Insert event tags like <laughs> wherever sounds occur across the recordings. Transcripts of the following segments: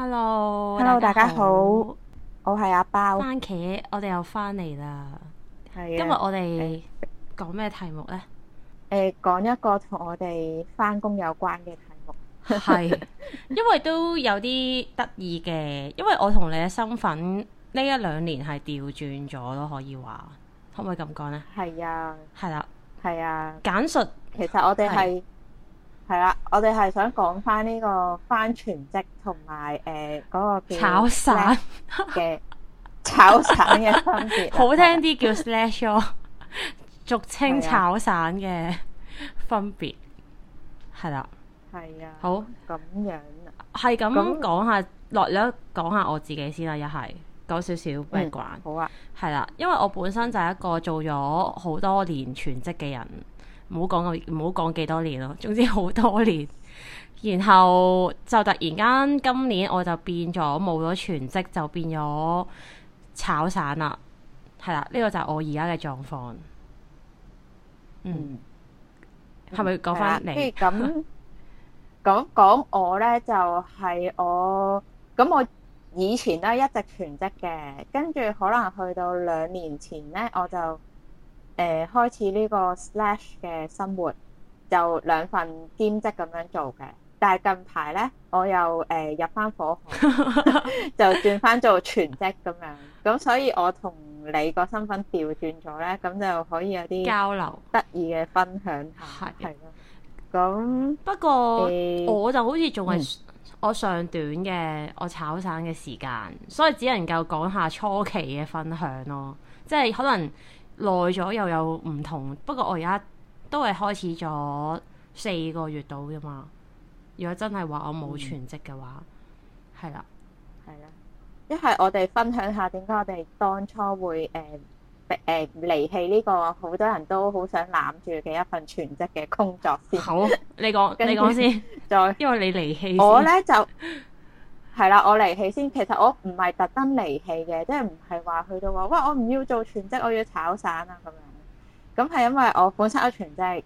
hello，hello Hello，大家好，我係阿包，番茄，我哋又翻嚟啦，係的今日我哋講咩題目呢？誒、呃，講一個同我哋翻工有關嘅題目，係， <laughs> 因為都有啲得意嘅，因為我同你嘅身份呢一兩年係調轉咗咯，可以話，可唔可以咁講呢？係啊，係啦，係啊，簡述，其實我哋係。係啦，我哋係想講返呢個返全職同埋誒嗰個炒散嘅 <laughs> 炒散嘅分別， <laughs> 好聽啲叫 Slash 哦， <laughs> <laughs> 俗稱炒散嘅分別係啦，係啊的，的好咁樣啊，係咁講下落啦，講下那我自己先啦、啊，一係講少少咩嘅，好啊，係啦，因為我本身就係一個做咗好多年全職嘅人。唔好講個唔好講幾多年咯，總之好多年，然後就突然間今年我就變咗冇咗全職，就變咗炒散啦，係啦，呢個就係我而家嘅狀況。嗯，係咪講翻嚟。咁講講我呢，就係、是、我咁我、嗯、以前都係一直全職嘅，跟住可能去到兩年前呢，我就。誒、呃，開始呢、這個 slash 嘅生活就兩份兼職咁樣做嘅，但係近排呢，我又誒、呃、入翻火海， <laughs> <laughs> 就轉翻做全職咁樣，咁所以我同你個身份調轉咗呢，咁就可以有啲交流得意嘅分享下係，咁不過、欸、我就好似仲係我上短嘅、嗯、我，我炒散嘅時間，所以只能夠講下初期嘅分享咯，即係可能。耐咗又有唔同，不過我而家都係開始咗四個月到㗎嘛。如果真係話我冇全職嘅話，係啦、嗯，係啦。一係我哋分享下點解我哋當初會誒誒、呃呃、離棄呢個好多人都好想攬住嘅一份全職嘅工作先。好，你講， <laughs> 後你講先，再 <laughs> 因為你離棄。我呢就。係啦，我離棄先。其實我唔係特登離棄嘅，即係唔係話去到話，哇！我唔要做全職，我要炒散啊咁樣。咁係因為我本身有全職，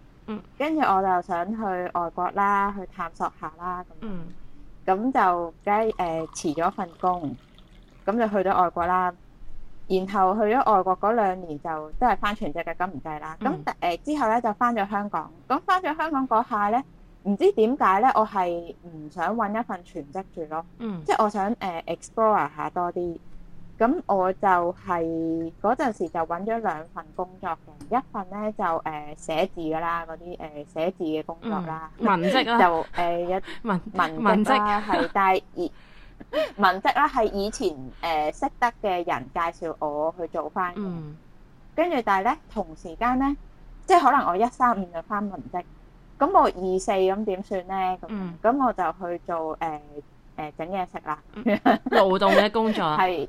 跟住、嗯、我就想去外國啦，去探索下啦。咁咁就梗係誒辭咗份工，咁就去到外國啦。然後去咗外國嗰兩年就都係翻全職嘅，咁唔計啦。咁誒、嗯呃、之後咧就翻咗香港，咁翻咗香港嗰下咧。唔知點解咧，我係唔想揾一份全職住咯，嗯、即係我想誒、uh, explore 下多啲。咁我就係嗰陣時就揾咗兩份工作嘅，一份咧就誒寫、uh, 字噶啦，嗰啲誒寫字嘅工作啦、嗯，文職啊， <laughs> 就誒、uh, 一 <laughs> 文文文職啦、啊，係 <laughs> 但係文職啦、啊、係以前誒、uh, 識得嘅人介紹我去做返，跟住、嗯、但係咧同時間咧，即係可能我一三五就返文職。咁我二四咁點算呢？咁咁、嗯、我就去做誒誒整嘢食啦。勞、呃呃、 <laughs> 動嘅工作係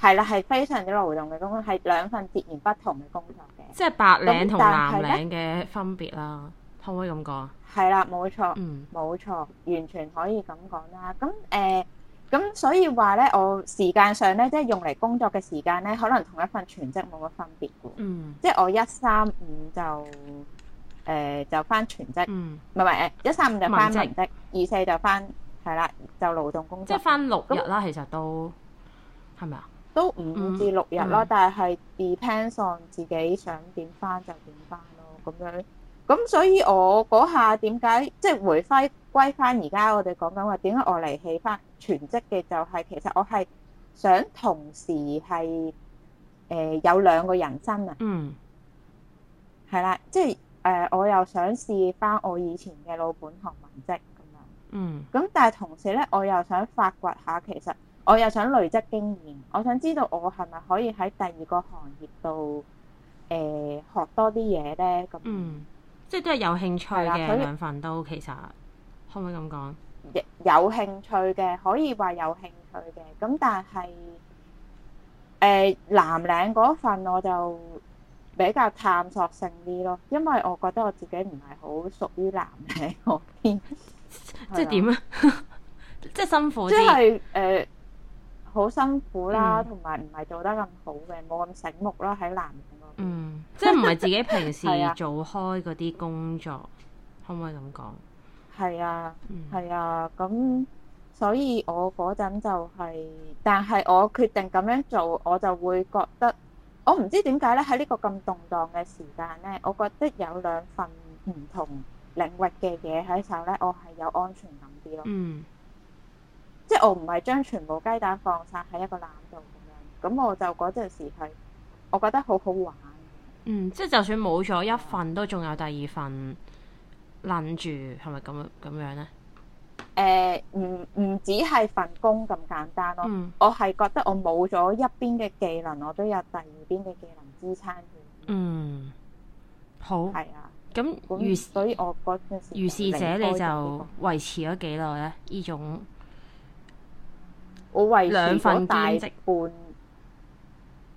係啦，係非常之勞動嘅工作，係 <laughs> 兩份截然不同嘅工作嘅，即係白領同藍領嘅分別啦，可唔、嗯、可以咁講？係啦，冇錯，冇錯，完全可以咁講啦。咁誒，咁、呃、所以話呢，我時間上呢，即係用嚟工作嘅時間呢，可能同一份全職冇乜分別嘅。嗯，即係我一三五就。誒，就翻全職，唔係唔係，誒一三五就翻文職，二四就翻係啦，就勞動工作，即係翻六日啦，其實都係咪啊？都五至六日啦，但係 depends on 自己想點翻就點翻咯，咁樣。咁所以我嗰下點解即係回歸歸翻而家我哋講緊話，點解我嚟棄翻全職嘅？就係其實我係想同時係誒有兩個人生啊，嗯，係啦，即係。誒、呃，我又想試翻我以前嘅老本行文職咁樣。嗯。咁但係同時咧，我又想發掘下，其實我又想累積經驗，我想知道我係咪可以喺第二個行業度誒、呃、學多啲嘢咧？咁。嗯。即係都係有興趣嘅兩的份都其實，他可唔可以咁講？有興趣嘅可以話有興趣嘅，咁但係誒、呃、藍領嗰份我就。比較探索性啲咯，因為我覺得我自己唔係好屬於男性嗰邊， <laughs> 是即係點咧？ <laughs> 即係辛苦，即係誒，好、呃、辛苦啦，同埋唔係做得咁好嘅，冇咁醒目啦，喺男人嗰邊。嗯，即係唔係自己平時、 <laughs> 啊、做開嗰啲工作，可唔可以咁講？係啊，係、嗯、啊，咁所以我嗰陣就係、是，但係我決定咁樣做，我就會覺得。我唔知點解咧，喺呢個咁動盪嘅時間咧，我覺得有兩份唔同領域嘅嘢喺手咧，我係有安全感啲咯。嗯，嗯，即係我唔係將全部雞蛋放晒喺一個籃度咁樣，咁我就嗰陣時係我覺得好好玩。嗯，即係就算冇咗一份，都仲有第二份諗住，係咪咁咁樣咧？誒，唔唔、呃、只係份工咁簡單咯，嗯、我係覺得我冇咗一邊嘅技能，我都有第二邊嘅技能支撐。嗯，好係啊。咁如所以我嗰陣時、這個，如是者你就維持咗幾耐咧？呢種我維持咗大半，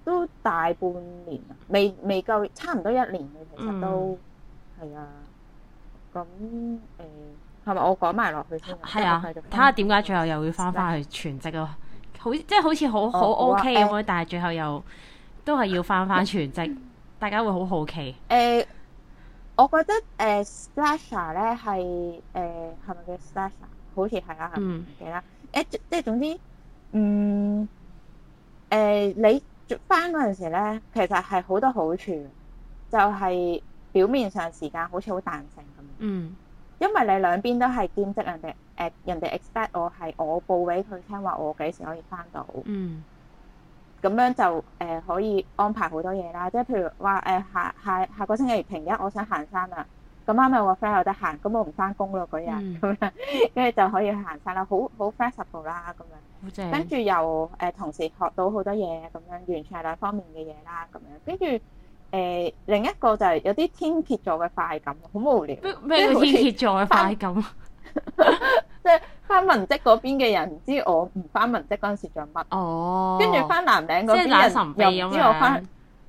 都大半年，未未夠，差唔多一年嘅，其實都係、嗯、啊。咁誒。呃係咪我講埋落去？係啊，睇下點解最後又要翻翻去全職咯的、OK，哦？好、啊，即係好似好好 OK 咁，但係最後又都係要翻翻全職，呃、大家會好好奇。誒、呃，我覺得誒，Slasher 咧係誒，係、呃、咪、呃、叫 Slasher 好似係啊，係。嗯。唔記啦？誒，即係總之，嗯，誒、呃，你翻嗰陣時咧，其實係好多好處，就係、是、表面上時間好似好彈性咁。嗯。因為你兩邊都係兼職，人哋誒人哋 expect 我係我報俾佢聽話，我幾時可以翻到。嗯。咁樣就誒可以安排好多嘢啦，即係譬如話誒下下下個星期平日，我想行山啦。咁啱咪我 friend 有得行，咁我唔翻工咯嗰日，咁、嗯、樣跟住就可以去行山啦，好好 flexible 啦咁樣。好正。跟住又誒、呃、同時學到好多嘢，咁樣完全係兩方面嘅嘢啦，咁樣跟住，呃，另一個就係有啲天蠍座嘅快感，好無聊。咩叫天蠍座嘅快感？呃，返文職嗰邊嘅人唔知我唔返文職嗰陣時做乜，呃，跟住返南嶺嗰邊，呃，唔知我返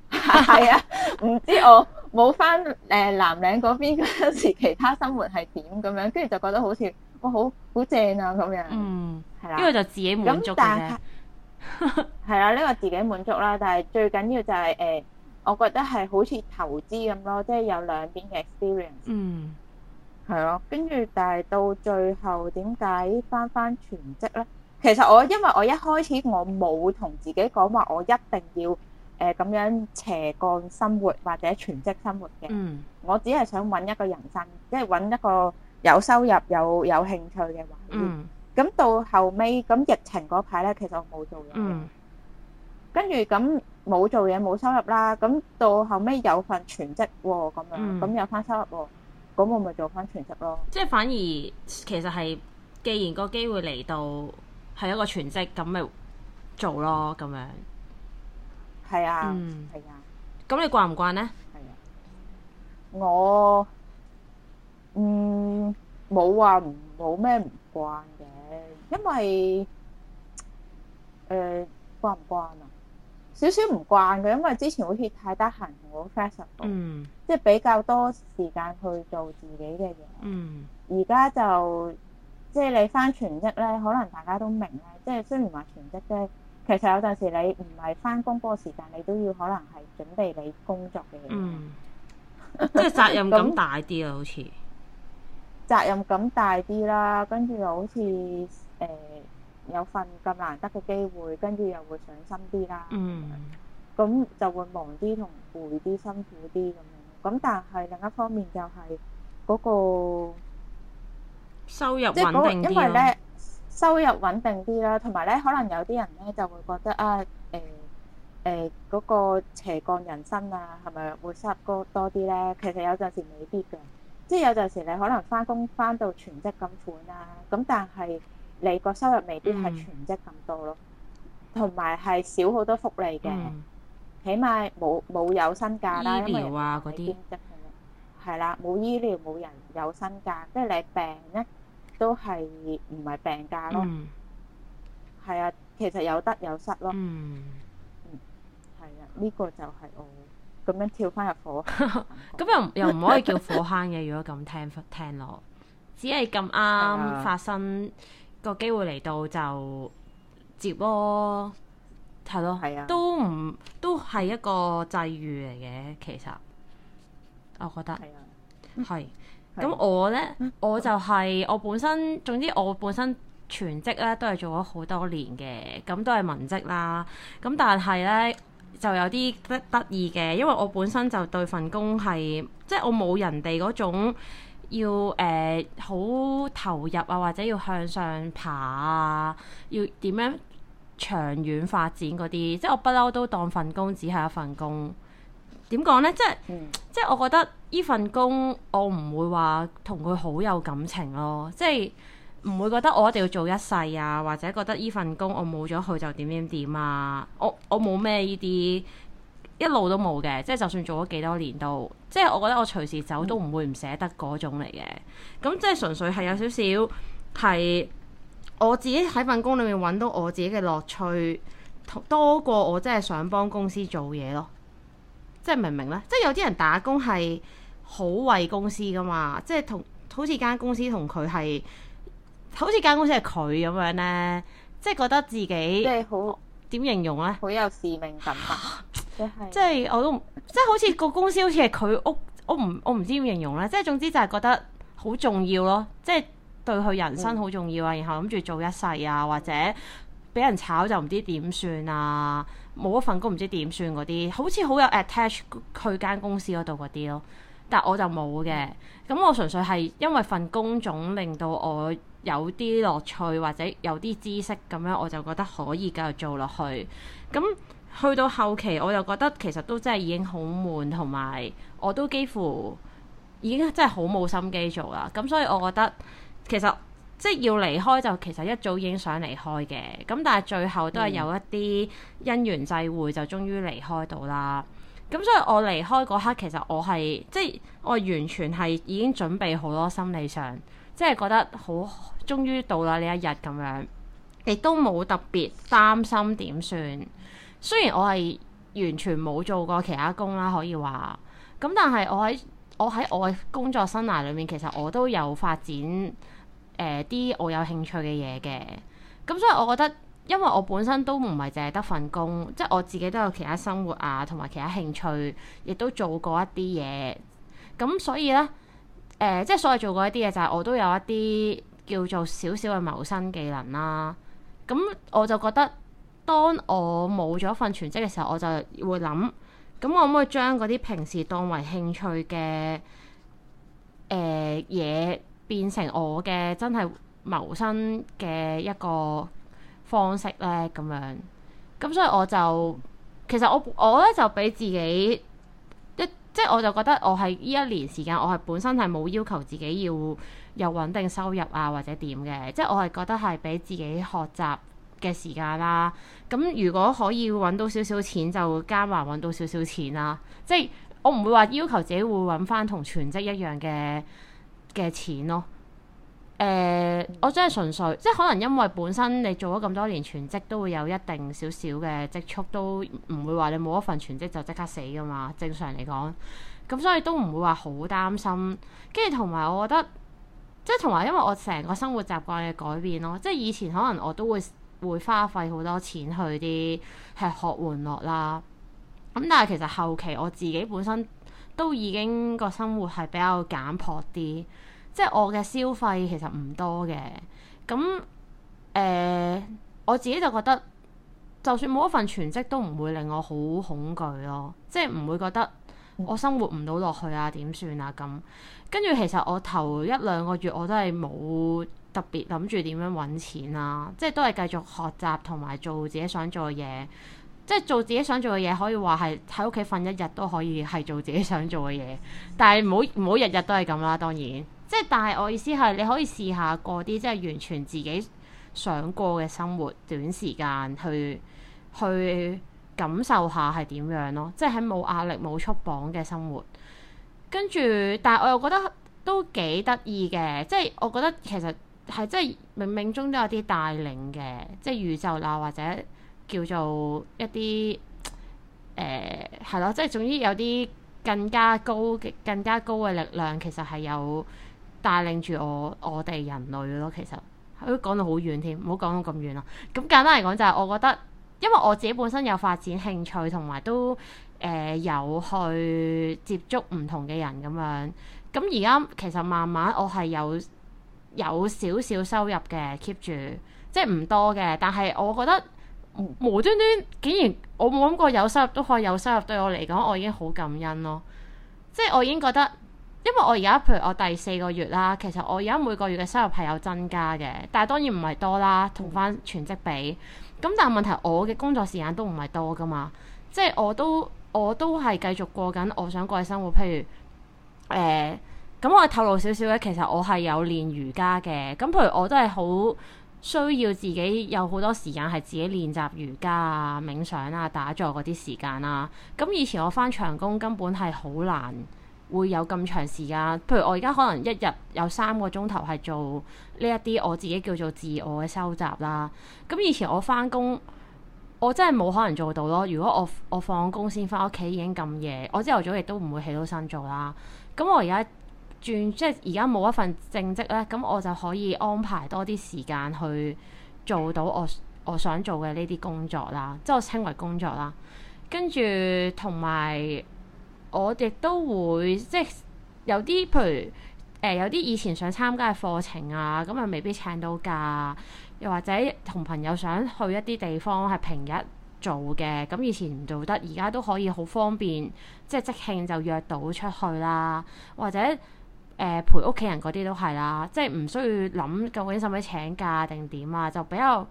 係啊，呃，唔知我冇返南嶺嗰邊嗰陣時，其他生活係點噉樣。 <laughs> <laughs> <laughs> <laughs> <laughs> <laughs> 跟住就覺得好似哇好好正啊噉樣，嗯，係啦，因為就自己滿足。但係啦，呢個自己滿足啦，但係最緊要就係呃、我覺得係好似投資咁咯，即係有兩邊嘅 experience。嗯、mm.，係咯，跟住但係到最後點解返返全職呢？其實我因為我一開始我冇同自己講話，我一定要誒咁、呃、樣斜槓生活或者全職生活嘅。嗯，mm. 我只係想揾一個人生，即係揾一個有收入、有有興趣嘅。嗯，咁到後尾咁疫情嗰排呢，其實我冇做嘢。Mm. 跟住咁冇做嘢冇收入啦，咁到後尾有份全職喎，咁樣，咁有翻收入喎，咁我咪做翻全職咯。即係反而其實係，既然個機會嚟到係一個全職，咁咪做咯，咁樣。係啊，係啊。咁你慣唔慣呢？係啊，我，嗯，冇話唔冇咩唔慣嘅，因為，誒，慣唔慣啊？少少唔慣嘅，因為之前好似太得閒，好 flexible、mm. 即係比較多時間去做自己嘅嘢。而家、mm. 就即係你返全職咧，可能大家都明咧，即係雖然話全職啫，其實有陣時你唔係返工嗰個時間，你都要可能係準備你工作嘅嘢。Mm. <laughs> 即係責任感大啲啊， <laughs> 那好似像責任感大啲啦，跟住就好似誒。呃有份咁難得嘅機會，跟住又會上心啲啦，咁、嗯、就會忙啲同攰啲，辛苦啲咁樣。咁但係另一方面就係、是、嗰、那個收入穩定因啲咯。收入穩定啲啦，同埋咧可能有啲人咧就會覺得啊，誒誒嗰個斜槓人生啊，係咪會失多多啲咧？其實有陣時未必嘅，即係有陣時你可能翻工翻到全職咁款啊，咁但係。你個收入未必係全職咁多咯，同埋係少好多福利嘅，嗯、起碼冇冇有薪假啦，醫療啊、因為啊，兼職係啦，冇醫療冇人有薪假，即係你病咧都係唔係病假咯，係、嗯、啊，其實有得有失咯，嗯，係、嗯、啊，呢、呢個就係我咁樣跳翻入火，咁 <laughs> 又又唔可以叫火坑嘅， <laughs> 如果咁聽聽落，只係咁啱發生。 <laughs> 個機會嚟到就接、哦、咯，係咯，係啊，都唔都係一個際遇嚟嘅，其實我覺得係。咁我呢，啊、我就係、是、我本身，總之我本身全職呢都係做咗好多年嘅，咁都係文職啦。咁但係呢，就有啲得得意嘅，因為我本身就對份工係即係我冇人哋嗰種。要誒、呃、好投入啊，或者要向上爬啊，要點樣長遠發展嗰啲，即係我不嬲都當份工，只係一份工。點講咧？即係、嗯、即係我覺得呢份工我唔會話同佢好有感情咯，即係唔會覺得我一定要做一世啊，或者覺得呢份工我冇咗佢就點點點啊，我我冇咩呢啲。一路都冇嘅，即係就算做咗幾多年都，即係我覺得我隨時走都唔會唔捨得嗰種嚟嘅。咁、嗯、即係純粹係有少少係我自己喺份工裏面搵到我自己嘅樂趣，多過我真係想幫公司做嘢咯。即係明唔明呢？即係有啲人打工係好為公司噶嘛，即係同好似間公司同佢係好似間公司係佢咁樣呢，即係覺得自己，即係好，點形容呢？好有使命感。即係，我都即係，好似個公司好似係佢屋，我唔，我唔知點形容啦。即係，總之就係覺得好重要咯。即係對佢人生好重要啊。嗯。然後諗住做一世啊，或者俾人炒就唔知點算啊，冇一份工唔知點算嗰啲，好似好有 attach 佢間公司嗰度嗰啲咯。但我就冇嘅。咁我純粹係因為份工種令到我有啲樂趣，或者有啲知識咁樣，我就覺得可以繼續做落去咁。去到後期，我又覺得其實都真係已經好悶，同埋我都幾乎已經真係好冇心機做啦。咁所以我覺得其實即係要離開就其實一早已經想離開嘅。咁但係最後都係有一啲因緣際會，就終於離開到啦。咁、嗯、所以我離開嗰刻，其實我係即係我完全係已經準備好咯，心理上即係覺得好終於到啦呢一日咁樣，亦都冇特別擔心點算。雖然我係完全冇做過其他工啦，可以話咁，但係我喺我喺我嘅工作生涯裏面，其實我都有發展誒啲、呃、我有興趣嘅嘢嘅。咁所以，我覺得因為我本身都唔係淨係得份工，即、就、係、是、我自己都有其他生活啊，同埋其他興趣，亦都做過一啲嘢。咁所以呢，誒、呃、即係所謂做過一啲嘢，就係我都有一啲叫做少少嘅謀生技能啦。咁我就覺得。當我冇咗份全職嘅時候，我就會諗，咁我可唔可以將嗰啲平時當為興趣嘅誒嘢變成我嘅真係謀生嘅一個方式咧？咁樣，咁所以我就其實我我咧就俾自己一即係我就覺得我係呢一年時間，我係本身係冇要求自己要有穩定收入啊或者點嘅，即係我係覺得係俾自己學習嘅時間啦，咁如果可以揾到少少錢就加埋揾到少少錢啦，即係我唔會話要求自己會揾返同全職一樣嘅嘅錢咯。誒、呃，我真係純粹，即係可能因為本身你做咗咁多年全職都會有一定少少嘅積蓄，都唔會話你冇一份全職就即刻死㗎嘛。正常嚟講，咁所以都唔會話好擔心。跟住同埋我覺得，即係同埋因為我成個生活習慣嘅改變咯，即係以前可能我都會。會花費好多錢去啲吃喝玩樂啦，咁、嗯、但係其實後期我自己本身都已經個生活係比較簡樸啲，即係我嘅消費其實唔多嘅，咁誒、呃、我自己就覺得就算冇一份全職都唔會令我好恐懼咯，即係唔會覺得我生活唔到落去啊，點算啊咁，跟住其實我頭一兩個月我都係冇。特別諗住點樣揾錢啦、啊，即係都係繼續學習同埋做自己想做嘅嘢。即係做自己想做嘅嘢，可以話係喺屋企瞓一日都可以係做自己想做嘅嘢。但係唔好唔好日日都係咁啦。當然，即係但係我意思係你可以試下過啲即係完全自己想過嘅生活，短時間去去感受下係點樣咯、啊。即係喺冇壓力冇束綁嘅生活，跟住但係我又覺得都幾得意嘅。即係我覺得其實。係即係冥冥中都有啲帶領嘅，即係宇宙啦，或者叫做一啲誒係咯，即係總之有啲更加高嘅、更加高嘅力量，其實係有帶領住我我哋人類咯。其實，我講到好遠添，唔好講到咁遠啦。咁簡單嚟講，就係我覺得，因為我自己本身有發展興趣，同埋都誒、呃、有去接觸唔同嘅人咁樣。咁而家其實慢慢我係有。有少少收入嘅 keep 住，即係唔多嘅，但係我覺得無端端竟然我冇諗過有收入都可以有收入，對我嚟講我已經好感恩咯。即係我已經覺得，因為我而家譬如我第四個月啦，其實我而家每個月嘅收入係有增加嘅，但係當然唔係多啦，同翻全職比。咁但係問題我嘅工作時間都唔係多㗎嘛，即係我都我都係繼續過緊我想過嘅生活，譬如誒。呃咁我透露少少咧，其實我係有練瑜伽嘅。咁譬如我都係好需要自己有好多時間係自己練習瑜伽啊、冥想啊、打坐嗰啲時間啦、啊。咁以前我返長工根本係好難會有咁長時間。譬如我而家可能一日有三個鐘頭係做呢一啲我自己叫做自我嘅收集啦。咁以前我返工，我真係冇可能做到咯。如果我我放工先返屋企已經咁夜，我朝頭早亦都唔會起到身做啦。咁我而家。轉即係而家冇一份正職咧，咁我就可以安排多啲時間去做到我我想做嘅呢啲工作啦，即係我稱為工作啦。跟住同埋我亦都會即係有啲譬如誒、呃、有啲以前想參加嘅課程啊，咁啊未必請到假，又或者同朋友想去一啲地方係平日做嘅，咁以前唔做得，而家都可以好方便，即係即，即，即興就約到出去啦，或者。誒、呃、陪屋企人嗰啲都係啦，即係唔需要諗究竟使唔使請假定點啊，就比較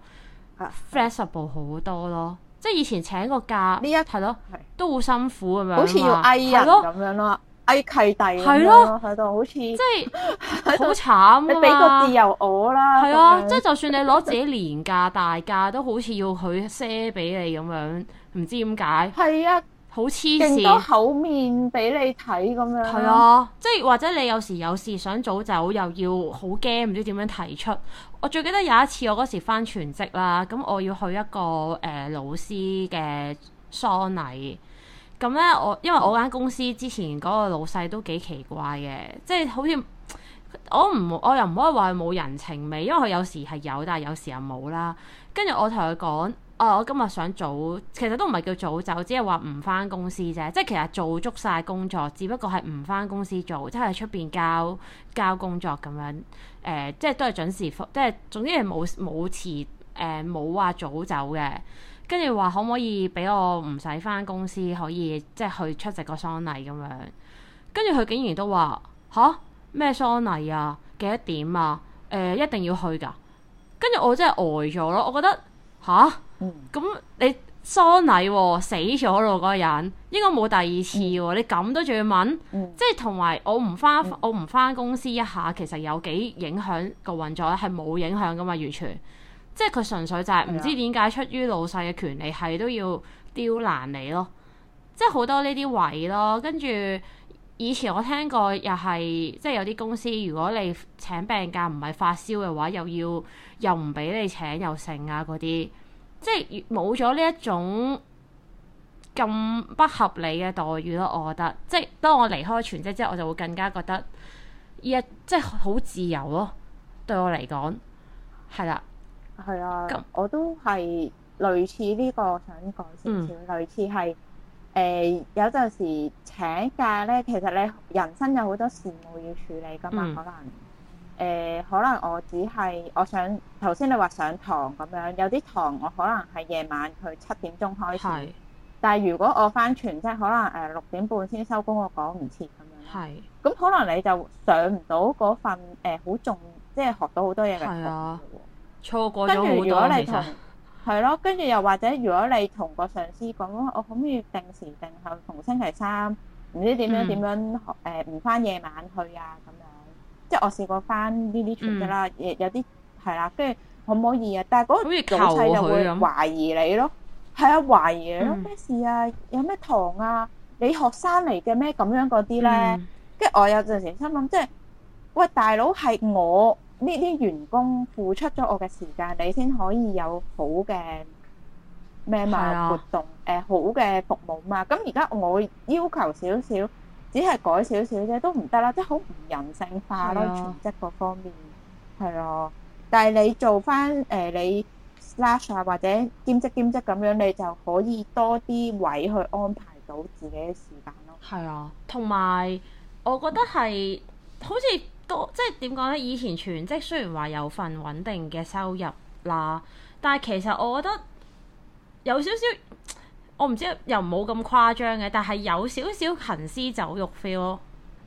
flexible 好多咯。即係以前請個假呢一係咯，的都好辛苦咁的樣，好似要哀人咁樣咯，哀契弟係咯喺度，好似即係好慘。你俾個自由我啦，係、就、啊、是，即係就算你攞自己年假大假，都好似要佢賒俾你咁樣，唔知點解係啊。好黐線，見到口面俾你睇咁樣。係啊吧，即係或者你有時有事想早走，又要好驚，唔知點樣提出。我最記得有一次，我嗰時返全職啦，咁我要去一個誒、呃、老師嘅喪禮。咁咧，我因為我間公司之前嗰個老細都幾奇怪嘅，即係好似我唔我又唔可以話佢冇人情味，因為佢有時係有，但係有時又冇啦。跟住我同佢講。啊、哦！我今日想早，其實都唔係叫早走，只係話唔翻公司啫。即係其實做足晒工作，只不過係唔翻公司做，即係出邊交交工作咁樣。誒、呃，即係都係準時，即係總之係冇冇遲，誒冇話早走嘅。跟住話可唔可以俾我唔使翻公司，可以即係去出席個喪禮咁樣。跟住佢竟然都話，吓？咩喪禮啊？幾多點啊？誒、呃，一定要去㗎？跟住我真係呆咗咯，我覺得吓。咁、嗯、你喪禮、哦、死咗咯，嗰人應該冇第二次喎、哦。嗯、你咁都仲要問，嗯、即係同埋我唔返、嗯、我唔返公司一下，其實有幾影響個運作咧，係冇影響㗎嘛，完全即係佢純粹就係唔知點解，出於老細嘅權利，係、嗯、都要刁難你咯。即係好多呢啲位咯，跟住以前我聽過又係即係有啲公司，如果你請病假唔係發燒嘅話，又要又唔俾你請又剩啊嗰啲。即係冇咗呢一種咁不合理嘅待遇咯，我覺得。即係當我離開全職之後，我就會更加覺得一即係好自由咯、啊。對我嚟講，係啦，係啊。咁我都係類似呢個想講少少，嗯、類似係誒、呃、有陣時請假咧，其實你人生有好多事務要處理噶嘛，嗯、可能。誒、呃、可能我只係我想頭先你話上堂咁樣，有啲堂我可能係夜晚佢七點鐘開始，是但係如果我翻全職，可能誒六、呃、點半先收工，我趕唔切咁樣。係是。咁可能你就上唔到嗰份誒好、呃、重，即係學到好多嘢嘅課。係啊，錯過咗好多如果你同係其實 咯，跟住又或者如果你同個上司講，我可唔可以定時定候，同星期三唔知點樣點、嗯、樣誒，唔、呃、翻夜晚去啊咁樣。即係我試過翻呢啲串噶啦，亦有啲係啦，跟住可唔可以啊？但係嗰個老細就會懷疑你咯。係啊，懷疑咯，咩事啊？有咩堂啊？你學生嚟嘅咩咁樣嗰啲咧？跟住我有陣時心諗，即係喂大佬，係我呢啲員工付出咗我嘅時間，你先可以有好嘅咩嘛活動？誒好嘅服務嘛。咁而家我要求少少。只係改少少啫，都唔得啦，即係好唔人性化咯，係啊、全職嗰方面係咯、啊。但係你做翻誒、呃、你 slash 啊，或者兼職兼職咁樣，你就可以多啲位去安排到自己嘅時間咯。係啊，同埋我覺得係好似多即係點講咧？以前全職雖然話有份穩定嘅收入啦，但係其實我覺得有少少。我唔知又冇咁誇張嘅，但係有少少行屍走肉 feel，唔、哦、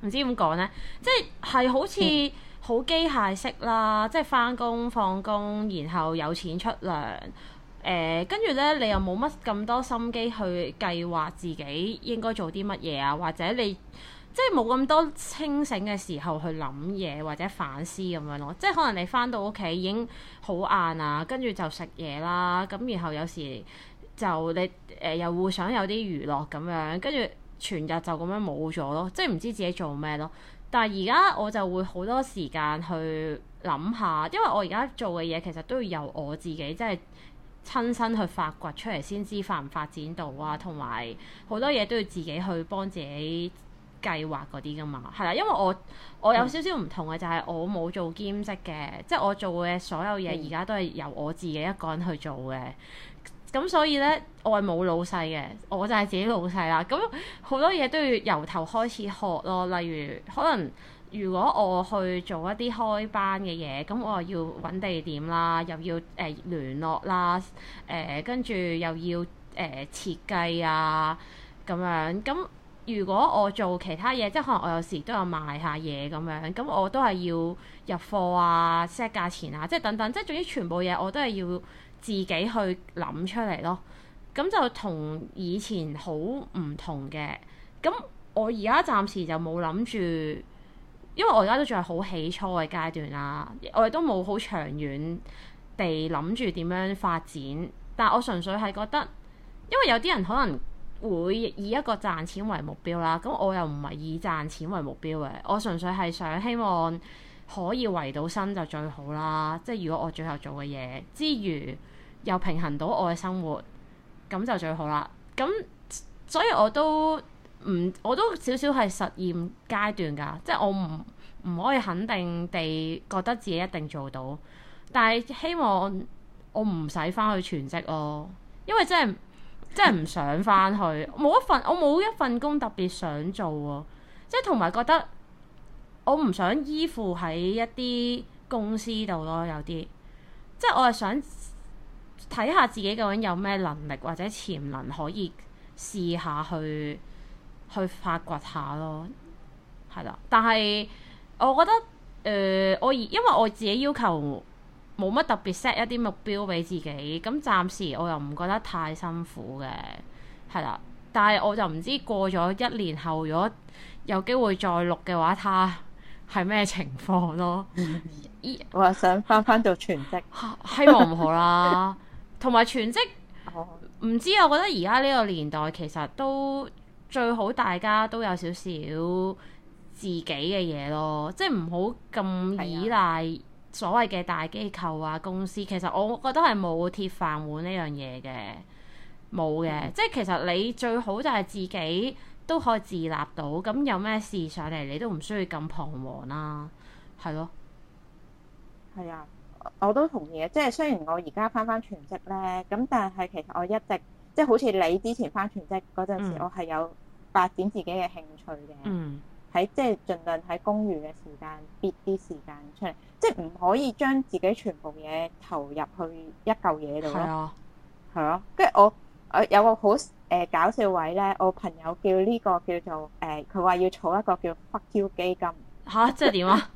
知點講呢？即係好似好機械式啦， <laughs> 即係翻工放工，然後有錢出糧，誒、呃，跟住呢，你又冇乜咁多心機去計劃自己應該做啲乜嘢啊，或者你即係冇咁多清醒嘅時候去諗嘢或者反思咁樣咯，即係可能你翻到屋企已經好晏啊，跟住就食嘢啦，咁然後有時。就你誒、呃、又會想有啲娛樂咁樣，跟住全日就咁樣冇咗咯，即係唔知自己做咩咯。但係而家我就會好多時間去諗下，因為我而家做嘅嘢其實都要由我自己即係親身去發掘出嚟先知發唔發展到啊，同埋好多嘢都要自己去幫自己計劃嗰啲㗎嘛。係啦，因為我我有少少唔同嘅、嗯、就係我冇做兼職嘅，即係我做嘅所有嘢而家都係由我自己一個人去做嘅。嗯咁所以咧，我係冇老細嘅，我就係自己老細啦。咁好多嘢都要由頭開始學咯。例如，可能如果我去做一啲開班嘅嘢，咁我又要揾地點啦，又要誒聯、呃、絡啦，誒跟住又要誒設計啊咁樣。咁如果我做其他嘢，即係可能我有時都有賣下嘢咁樣，咁我都係要入貨啊、set 價錢啊，即係等等，即係總之全部嘢我都係要，自己去諗出嚟咯，咁就同以前好唔同嘅。咁我而家暫時就冇諗住，因為我而家都仲係好起初嘅階段啦，我哋都冇好長遠地諗住點樣發展。但我純粹係覺得，因為有啲人可能會以一個賺錢為目標啦，咁我又唔係以賺錢為目標嘅，我純粹係想希望。可以圍到身就最好啦，即係如果我最後做嘅嘢之餘又平衡到我嘅生活，咁就最好啦。咁所以我都唔，我都少少係實驗階段㗎，即係我唔唔可以肯定地覺得自己一定做到，但係希望我唔使返去全職咯、哦，因為真係真係唔想返去。冇 <laughs> 一份我冇一份工特別想做喎、哦，即係同埋覺得。我唔想依附喺一啲公司度咯，有啲即係我係想睇下自己究竟有咩能力或者潛能可以試下去去發掘下咯，係啦。但係我覺得誒、呃，我因為我自己要求冇乜特別 set 一啲目標俾自己，咁暫時我又唔覺得太辛苦嘅，係啦。但係我就唔知過咗一年後，如果有機會再錄嘅話，他。係咩情況咯？ <laughs> 我想翻翻到全職， <laughs> 希望唔好啦。同埋全職，唔 <laughs> 知。我覺得而家呢個年代，其實都最好大家都有少少自己嘅嘢咯。即係唔好咁依賴所謂嘅大機構啊、公司。嗯、其實我覺得係冇鐵飯碗呢樣嘢嘅，冇嘅。嗯、即係其實你最好就係自己。都可以自立到，咁有咩事上嚟，你都唔需要咁彷徨啦，啊，係咯、哦？係啊，我都同意，即係雖然我而家翻翻全職咧，咁但係其實我一直即係好似你之前翻全職嗰陣時，嗯、我係有發展自己嘅興趣嘅，喺、嗯、即係盡量喺公寓嘅時間搣啲時間出嚟，即係唔可以將自己全部嘢投入去一嚿嘢度啊，係啊，跟住我。我有個好誒搞笑位咧，我朋友叫呢個叫做誒，佢話要儲一個叫 fuck you 基金。吓，即係點啊？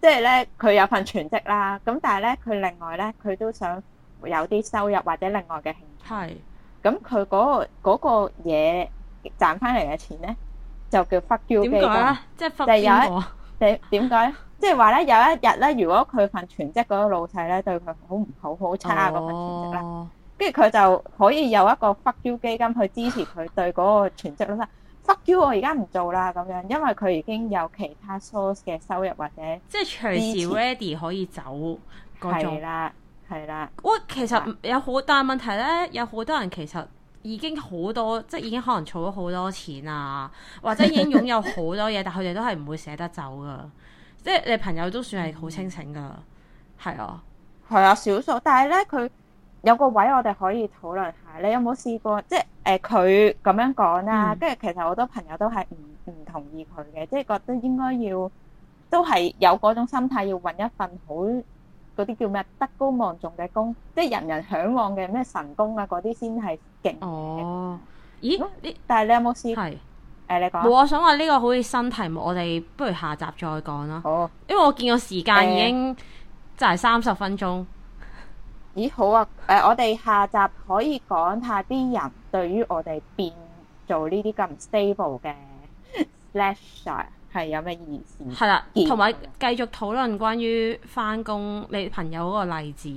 即係咧，佢有份全職啦，咁但係咧，佢另外咧，佢都想有啲收入或者另外嘅興趣。係。咁佢嗰個嗰個嘢賺翻嚟嘅錢咧，就叫 fuck you 基金。點解？即係有一點點解？即係話咧，有一日咧，如果佢份全職嗰個老細咧，對佢好唔好好差啊，嗰份全職啦。即係佢就可以有一個 fuck you 基金去支持佢對嗰個全職啦。 <laughs> fuck you，我而家唔做啦咁樣，因為佢已經有其他 source 嘅收入，或者即係隨時 ready 可以走嗰種啦，係啦。哇、哦，其實有好大問題咧，有好多人其實已經好多，即係已經可能儲咗好多錢啊，或者已經擁有好多嘢， <laughs> 但佢哋都係唔會捨得走噶。即係你朋友都算係好清醒噶，係啊、嗯，係啊的，少數。但係咧佢。有個位我哋可以討論下，你有冇試過即係誒佢咁樣講啦、啊？跟住、嗯、其實好多朋友都係唔唔同意佢嘅，即係覺得應該要都係有嗰種心態，要搵一份好嗰啲叫咩德高望重嘅工，即係人人向往嘅咩神工啊嗰啲先係勁。哦，咦？那你但係你有冇試過？係誒是、呃，你講、啊。我我想話呢個好似新題目，我哋不如下集再講啦。好。因為我見個時間已經就係三十分鐘。咦好啊，誒、呃，我哋下集可以講下啲人對於我哋變做呢啲咁 stable 嘅 slasher 係有咩意思？係啦，同埋繼續討論關於翻工你朋友嗰個例子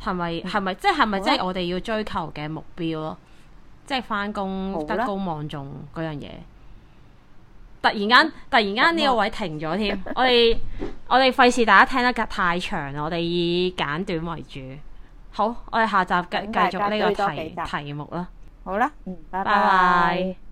係咪係咪即係咪即係我哋要追求嘅目標咯？即係翻工德高望重嗰樣嘢。.突然間，突然間呢個位停咗添。 <laughs> 我哋我哋費事大家聽得太長啦，我哋以簡短為主。好，我哋下集繼繼續呢個題題目啦。好啦，嗯，拜拜。拜拜。